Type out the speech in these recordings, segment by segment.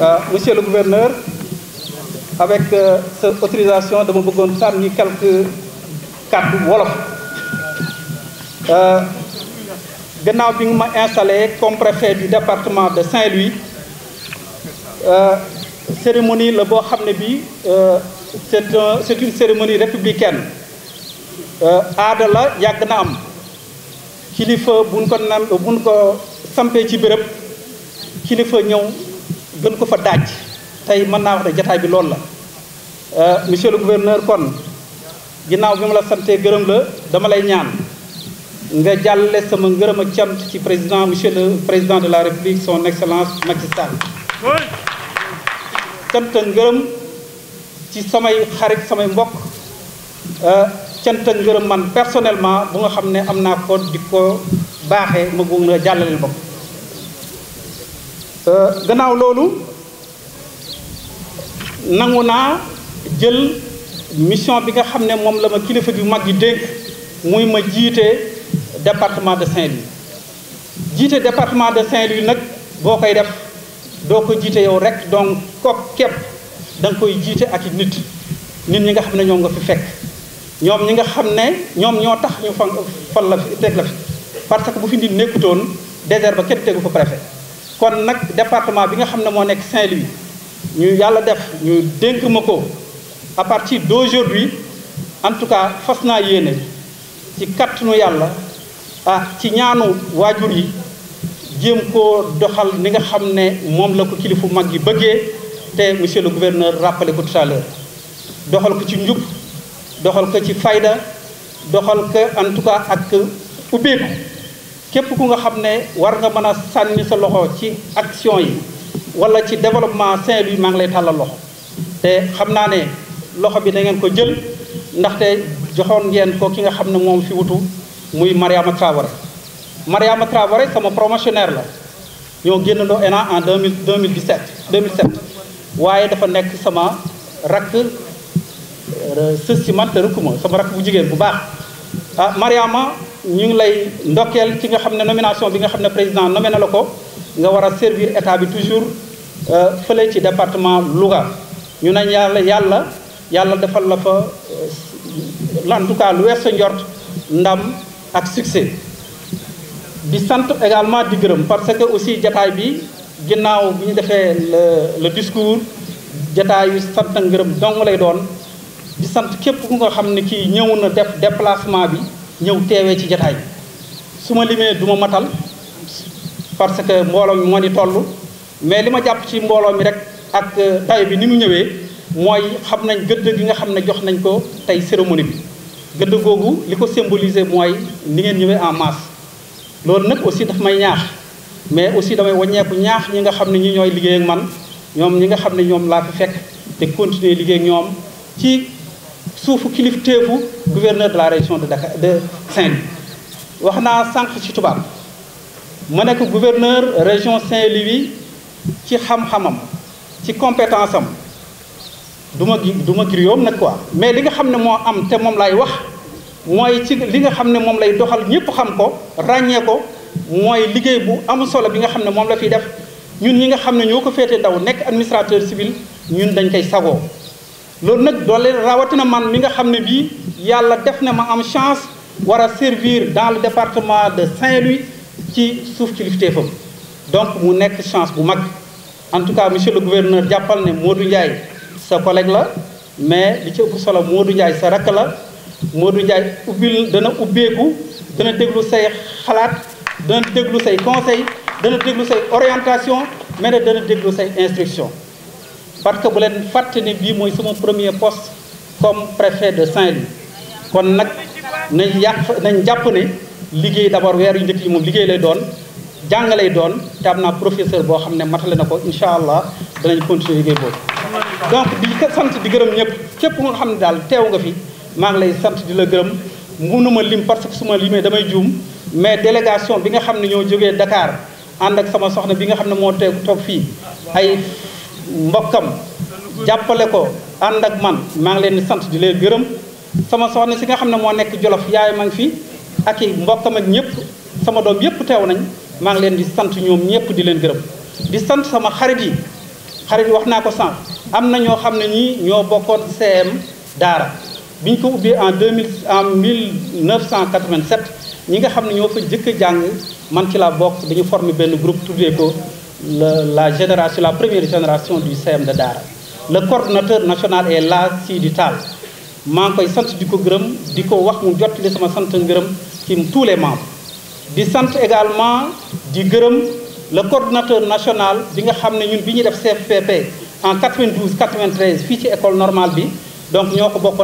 Euh, monsieur le gouverneur, avec euh, cette autorisation de mon quelques cartes wolof euh, gannaaw installé comme préfet du département de Saint-Louis cérémonie le Bo Hamnebi c'est une cérémonie républicaine Adela Yagnam qui am kilifa ñëw gën ko fa daaj tey mën naa wax ne jataay bi loolu la euh, monsieur le gouverneur kon ginnaaw bi ma la santee gërëm la dama lay ñaan nga jàllale sama ngërëm ak cant ci président monsieur le président de la république son excellence Macky Sall cant ak ngërëm ci samay xarit samay mbokk euh, cant ak ngërëm man personnellement bu nga xam ne am naa ko di ko baaxee ma bëgg na jàllaleel bopp Euh, gannaaw loolu nangu naa jël mission bi nga xam ne moom la ma kilifa bi mag yi dénk muy ma jiite département de Saint-Louis jiite département de Saint-Louis nag boo koy def doo ko jiite yow rek donc ko képp da koy jiite ak nit nit ñi nga xam ne ñoom nga fi fekk ñoom ñi nga xam ne ñoom ñoo tax ñu fan fal la fi teg la fi parce que bu fi nit nekkutoon désert ba kenn tegu fa préfet kon nag département bi nga xam ne moo nekk Saint-Louis ñu yàlla def ñu dénk ma ko à partir d'aujourd'hui en tout cas fas naa yéene ci kattanu yàlla ah ci ñaanu waajur yi jéem koo doxal ni nga xam ne moom la ko kilifu mag yi bëggee te monsieur le gouverneur rappelé ko tout à doxal ko ci njub doxal ko ci fayda doxal ko en tout cas ak ubbeeku képp ku nga xam ne war nga mën a sànni sa loxo ci action yi wala ci développement Saint-Louis maa ngi lay tàllal loxo te xam naa ne loxo bi da ngeen ko jël ndaxte joxoon ngeen ko ki nga xam ne moom fi wutu muy Mariama Traoré Mariama Traoré sama promotionnaire la ñoo génnandoo ENA en mil 2017 2007 waaye dafa nekk sama rakk euh, sës ci man te rëkkuma sama rakk bu jigéen bu baax ah Mariama ñu ngi lay ndokkeel ci nga xam ne nomination bi nga xam ne président nommé na la ko nga war a servir état bi toujours euh, fële ci département Louga ñu nañ yàlla yàlla yàlla defal la fa euh, en lu wees sa njort ndam ak succès di sant également di gërëm parce que aussi jataay bi ginnaaw bi ñu defee le discours jataayu sant ak ngërëm dong lay doon di sant képp ku nga xam ne kii ñëw na def déplacement bi ñëw teewee ci jataay su ma limee du ma matal parce que mbooloo mi moo ni toll mais li ma jàpp ci mbooloo mi rek ak euh, dayo bi ni mu ñëwee mooy xam nañ gëdd gi nga xam ne jox nañ ko tey cérémonie bi gëdd googu li ko symboliser mooy ni ngeen ñëwee en masse loolu nag aussi dafa may ñaax mais aussi damay waññeeku ñaax ñi nga xam ne ñi ñooy liggéey man ñoom ñi nga xam ne ñoom laa fi fekk te continuer liggéey ak ñoom ci suufu kilifteefu gouverneur de la région de Dakar de Saint-Louis wax naa sànq ci tubaab ma nekk gouverneur région Saint-Louis ci xam-xamam ci compétence am du ma du ma grioom nag quoi mais li nga xam ne moo am te moom lay wax mooy ci li nga xam ne moom lay doxal ñëpp xam ko ràññee ko mooy liggéey bu am solo bi nga xam ne moom la fiy def ñun ñi nga xam ne ñoo ko féete ndaw nekk administrateur civil ñun dañ koy sagoo loolu nag leen rawatina man mi nga xam ne bii yàlla def na ma am chance war a servir dans le département de Saint-Louis ci suuf ci lifteefam donc mu nekk chance bu mag en tout cas monsieur le gouverneur jàppal ne Modou Ndiaye sa collègue la mais li ci ëpp solo Modou Ndiaye sa rakk la Modou Ndiaye ubbil dana ubbeeku dana déglu say xalaat dana déglu say conseil dana déglu say orientation mais dana déglu say instruction parce que bu leen fàtte ne bii mooy sama premier poste comme préfet de Saint-Louis kon nag nañ yàq nañ jàpp ne liggéey d'abord weer yu njëkk yi moom liggéey lay doon jàng lay doon te am naa professeur boo xam ne matale na ko incha allah danañ continuer liggéey boobu. donc di sant di gërëm ñëpp képp nga xam ne daal teew nga fi maa ngi lay sant di la gërëm mënuma lim parce que suma ma limee damay juum mais délégation bi nga xam ne ñoo jógee dakaar ànd ak sama soxna bi nga xam ne moo teew toog fii mbokkam jàppale ko ànd ak man maa ngi leen di sant di leen gërëm sama soxna si nga xam ne moo nekk Jolof yaay ma ngi fi ak i mbokkam ak ñëpp sama doom yëpp teew nañ maa ngi leen di sant ñoom ñëpp di leen gërëm di sant sama xarit yi xarit yi wax naa ko sànq am na ñoo xam ne ñii ñoo bokkoon CM daara bi ñu ko ubbee en 2000 en 1987 ñi nga xam ne ñoo fa jëkk a jàng man ci laa bokk dañu forme benn groupe tuddee ko la génération, la première génération du CM de Dara. le coordinateur national est là tal du Tal. Il koy a di ko du groupe ko wax de sama tous les membres di centres également du Grum, le coordinateur national bi nga fait CFPP en 92 93 fii ci école normale bi donc ñoo ko beaucoup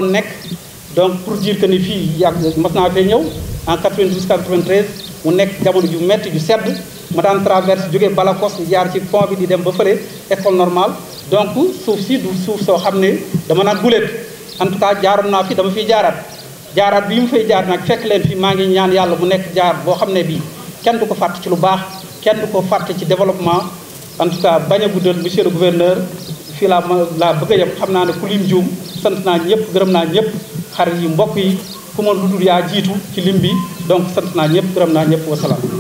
donc pour dire que nous, sommes maintenant en 92 93 mu nekk jamono ju metti du sedd ma daan traverse jóge Balakos jaar ci pont bi di dem ba fële école normale donc suuf si du suuf soo xam ne dama naan guléet en tout cas jaaroon naa fi dama fiy jaaraat jaaraat bii mu fay jaar nag fekk leen fi maa ngi ñaan yàlla mu nekk jaar boo xam ne bii kenn du ko fàtte ci lu baax kenn du ko fàtte ci développement en tout bañ a guddal monsieur le guverneur fii laa ma laa bëgg a xam naa ne ku lim juum sant naa ñëpp gërëm naa ñëpp xar yi mbokk yi ku ma lu dul jiitu ci lim bi donc sant naa ñëpp gërëm naa ñëpp wasalaam